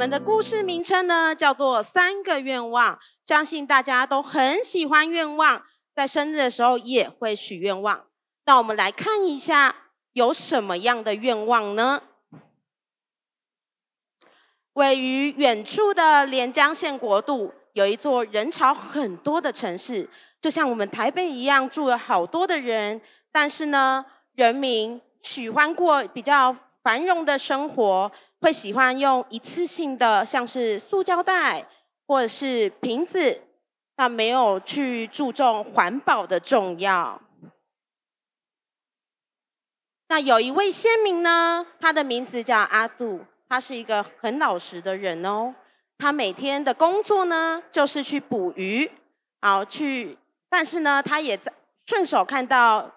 我們的故事名稱呢，叫做《三個願望》。相信大家都很喜歡願望，在生日的時候也會許願望。那我們來看一下，有什麼樣的願望呢？位於遠處的連江縣國度，有一座人潮很多的城市，就像我們台北一樣，住了好多的人。但是呢，人民喜歡過比較繁榮的生活。會喜歡用一次性的，像是塑膠袋或者是瓶子，但沒有去注重環保的重要。那有一位先民呢，他的名字叫阿杜，他是一個很老實的人哦。他每天的工作呢，就是去捕魚，啊去，但是呢，他也在順手看到，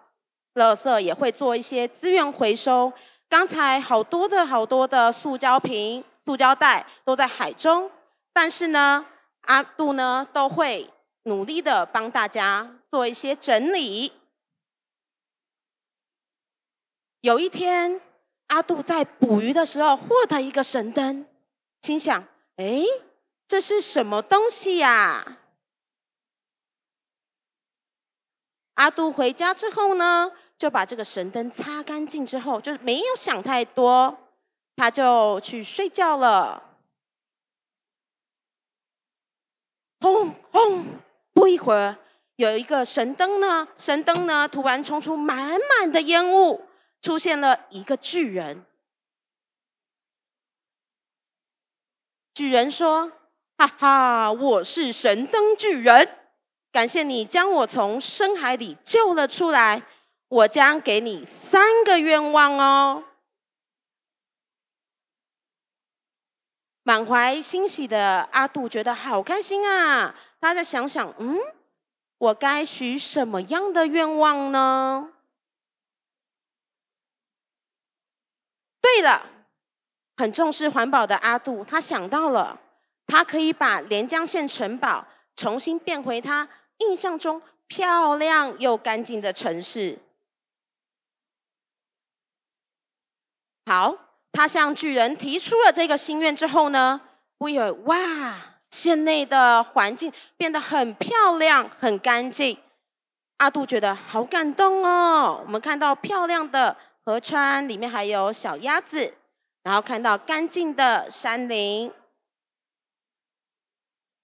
垃圾也會做一些資源回收。剛才好多的好多的塑膠瓶、塑膠袋都在海中，但是呢，阿杜呢都會努力的幫大家做一些整理。有一天，阿杜在捕魚的時候獲得一個神燈，心想：“哎，這是什麼東西呀、啊？”阿杜回家之後呢，就把這個神燈擦乾淨之後，就沒有想太多，他就去睡覺了。轟轟！不一會兒，有一個神燈呢，神燈呢突然衝出滿滿的煙霧，出現了一個巨人。巨人說：“哈哈，我是神燈巨人。”感謝你將我從深海裡救了出來，我將給你三個願望哦。滿懷欣喜的阿杜覺得好開心啊！他在想想，嗯，我該許什麼樣的願望呢？對了，很重視環保的阿杜，他想到了，他可以把連江縣城堡重新變回他，印象中漂亮又乾淨的城市，好，他向巨人提出了這個心願之後呢，不一會哇，縣內的環境變得很漂亮、很乾淨。阿杜覺得好感動哦。我們看到漂亮的河川，裡面還有小鴨子，然後看到乾淨的山林，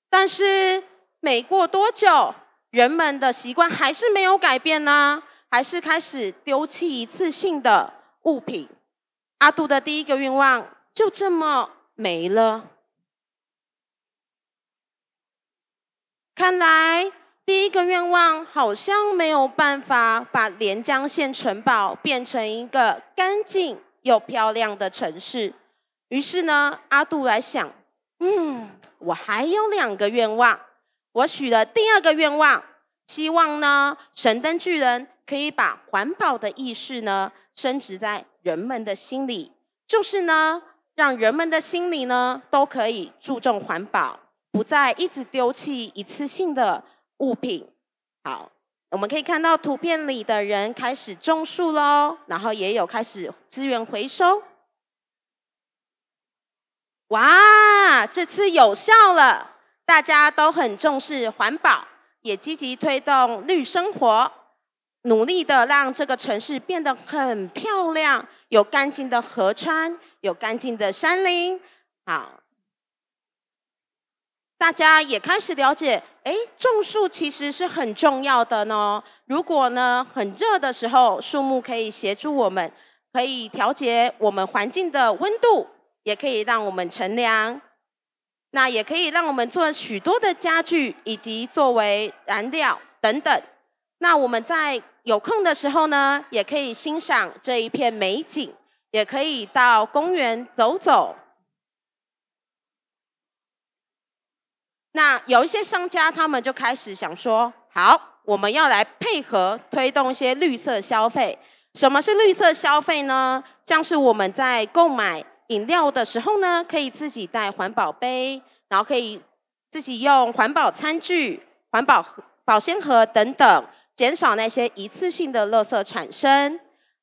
但是。沒過多久，人們的習慣還是沒有改變呢，還是開始丟棄一次性的物品。阿杜的第一個願望就這麼沒了。看來第一個願望好像沒有辦法把連江縣城堡變成一個乾淨又漂亮的城市。於是呢，阿杜來想，嗯，我還有兩個願望。我許的第二個願望，希望呢，神燈巨人可以把環保的意識呢，深植在人們的心裡，就是呢，讓人們的心裡呢，都可以注重環保，不再一直丟棄一次性的物品。好，我們可以看到圖片裡的人開始種樹嘍，然後也有開始資源回收。哇，這次有效了。大家都很重視環保，也積極推動綠生活，努力的讓這個城市變得很漂亮，有乾淨的河川，有乾淨的山林。好，大家也開始了解，誒，種樹其實是很重要的呢。如果呢，很熱的時候，樹木可以協助我們，可以調節我們環境的溫度，也可以讓我們乘涼。那也可以讓我們做許多的家具，以及作為燃料等等。那我們在有空的時候呢，也可以欣賞這一片美景，也可以到公園走走。那有一些商家，他們就開始想說：好，我們要來配合推動一些綠色消費。什麼是綠色消費呢？像是我們在購買。飲料的時候呢，可以自己帶環保杯，然後可以自己用環保餐具、環保保鮮盒等等，減少那些一次性的垃圾產生。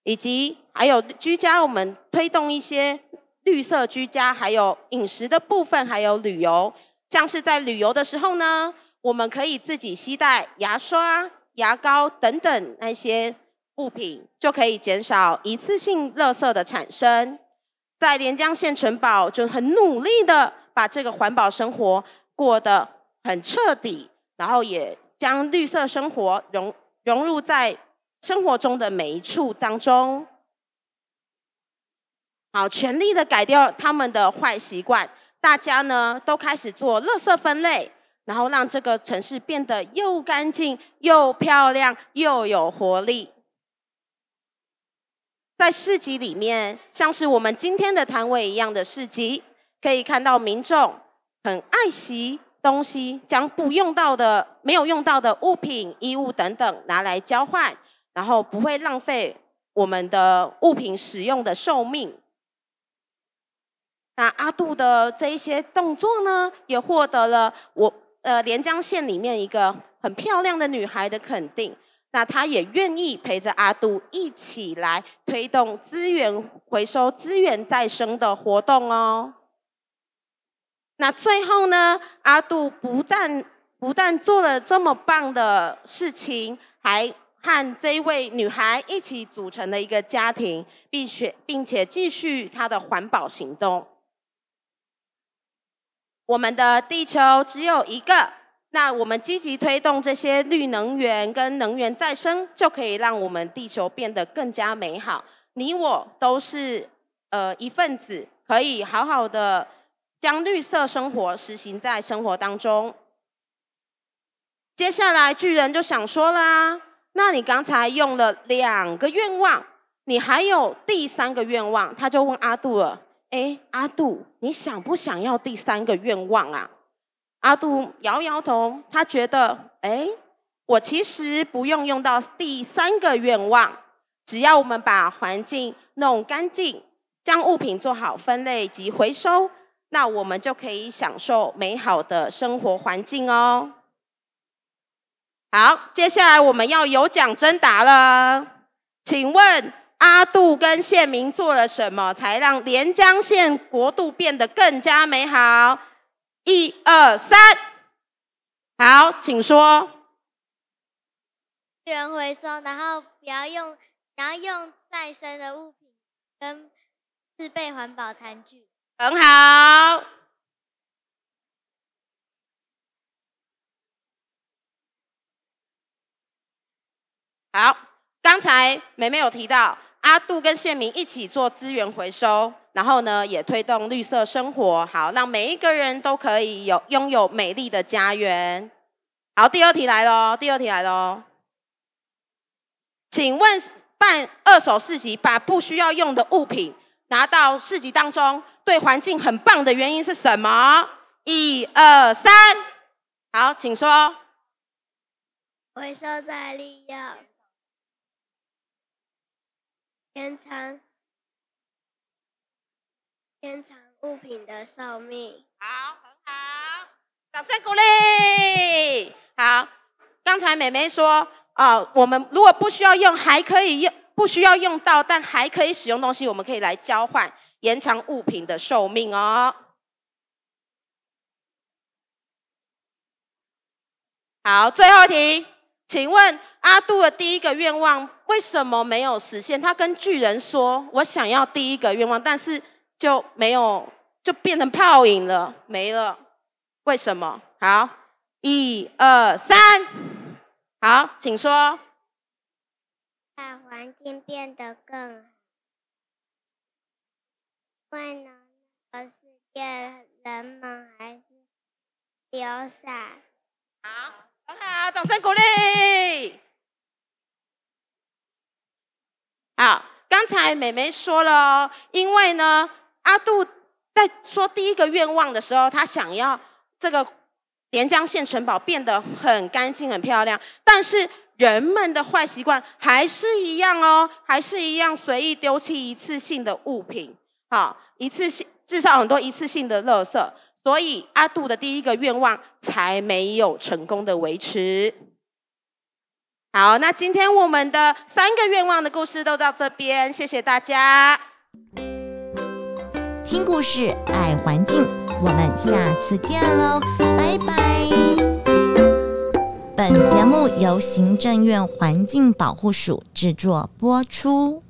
以及還有居家，我們推動一些綠色居家，還有飲食的部分，還有旅遊。像是在旅遊的時候呢，我們可以自己攜帶牙刷、牙膏等等那些物品，就可以減少一次性垃圾的產生。在連江縣城堡就很努力的把這個環保生活過得很徹底，然後也將綠色生活融融入在生活中的每一處當中。好，全力的改掉他們的壞習慣，大家呢都開始做垃圾分類，然後讓這個城市變得又乾淨又漂亮又有活力。在市集裡面，像是我們今天的攤位一樣的市集，可以看到民眾很愛惜東西，將不用到的、沒有用到的物品、衣物等等拿來交換，然後不會浪費我們的物品使用的壽命。那阿杜的這一些動作呢，也獲得了我，呃，連江縣裡面一個很漂亮的女孩的肯定。那他也願意陪着阿杜一起來推動資源回收、資源再生的活動哦。那最後呢，阿杜不但不但做了這麼棒的事情，還和這位女孩一起組成了一個家庭，並且並且繼續他的環保行動。我們的地球只有一個。那我們積極推動這些綠能源跟能源再生，就可以讓我們地球變得更加美好。你我都是呃一份子，可以好好的將綠色生活實行在生活當中。接下來巨人就想說啦，那你剛才用了兩個願望，你還有第三個願望？他就問阿杜了：「哎，阿杜，你想不想要第三個願望啊？阿杜搖搖頭，他覺得，哎，我其實不用用到第三個願望，只要我們把環境弄乾淨，將物品做好分類及回收，那我們就可以享受美好的生活環境哦。好，接下來我們要有獎徵答了，請問阿杜跟縣民做了什麼，才讓連江縣國度變得更加美好？一二三，好，請說。資源回收，然後不要用，然後用再生的物品，跟自備環保餐具。很好。好，剛才梅梅有提到阿杜跟謝明一起做資源回收。然後呢，也推動綠色生活，好讓每一個人都可以有擁有美麗的家園。好，第二題來嘍，第二題來嘍，請問辦二手市集，把不需要用的物品拿到市集當中，對環境很棒的原因是什麼？一二三，好，請說。回收再利用，延長。延長物品的壽命，好，很好，好，掌聲鼓勵。好，剛才妹妹說，啊、呃，我們如果不需要用，還可以用，不需要用到，但還可以使用東西，我們可以來交換，延長物品的壽命哦。好，最後一題，請問阿杜的第一個願望為什麼沒有實現？他跟巨人說：“我想要第一個願望，但是。”就沒有，就變成泡影了，沒了。為什麼？好，一二三，好，請說。把、啊、環境變得更，為能的世界，人們還是留下。好，很好，好，掌聲鼓勵。好，剛才妹妹說了、哦，因為呢。阿杜在說第一個願望的時候，他想要這個連江縣城堡變得很乾淨、很漂亮，但是人們的壞習慣還是一樣哦，還是一樣隨意丟棄一次性的物品，好，一次性至少很多一次性的垃圾，所以阿杜的第一個願望才沒有成功的維持。好，那今天我們的三個願望的故事都到這邊，謝謝大家。聽故事、愛環境，我們下次見嘍，拜拜。本節目由行政院環境保護署製作播出。